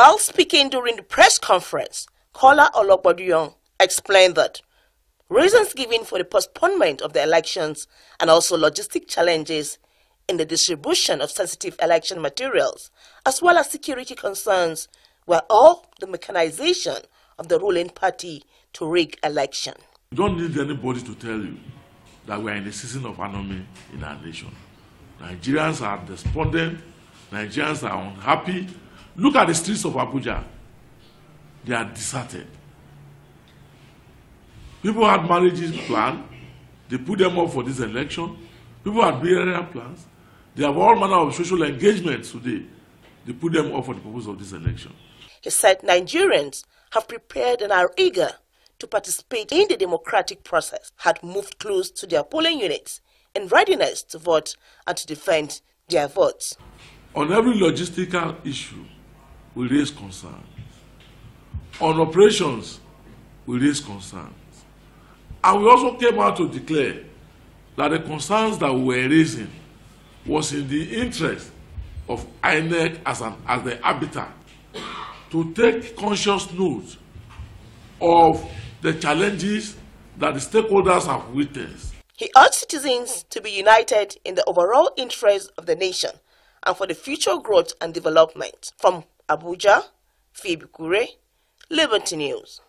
While speaking during the press conference, Kola Oloboduyong explained that reasons given for the postponement of the elections and also logistic challenges in the distribution of sensitive election materials, as well as security concerns, were all the mechanization of the ruling party to rig election. You don't need anybody to tell you that we are in a season of anomy in our nation. Nigerians are despondent, Nigerians are unhappy, Look at the streets of Abuja. They are deserted. People had marriages planned. They put them up for this election. People had burial plans. They have all manner of social engagements today. They put them up for the purpose of this election. He said Nigerians have prepared and are eager to participate in the democratic process, had moved close to their polling units in readiness to vote and to defend their votes. On every logistical issue, we raise concerns. On operations, we raise concerns. And we also came out to declare that the concerns that we were raising was in the interest of INEC as, an, as the habitat to take conscious note of the challenges that the stakeholders have witnessed. He urged citizens to be united in the overall interest of the nation and for the future growth and development. From Abuja, Phoebe Kure, Liberty News.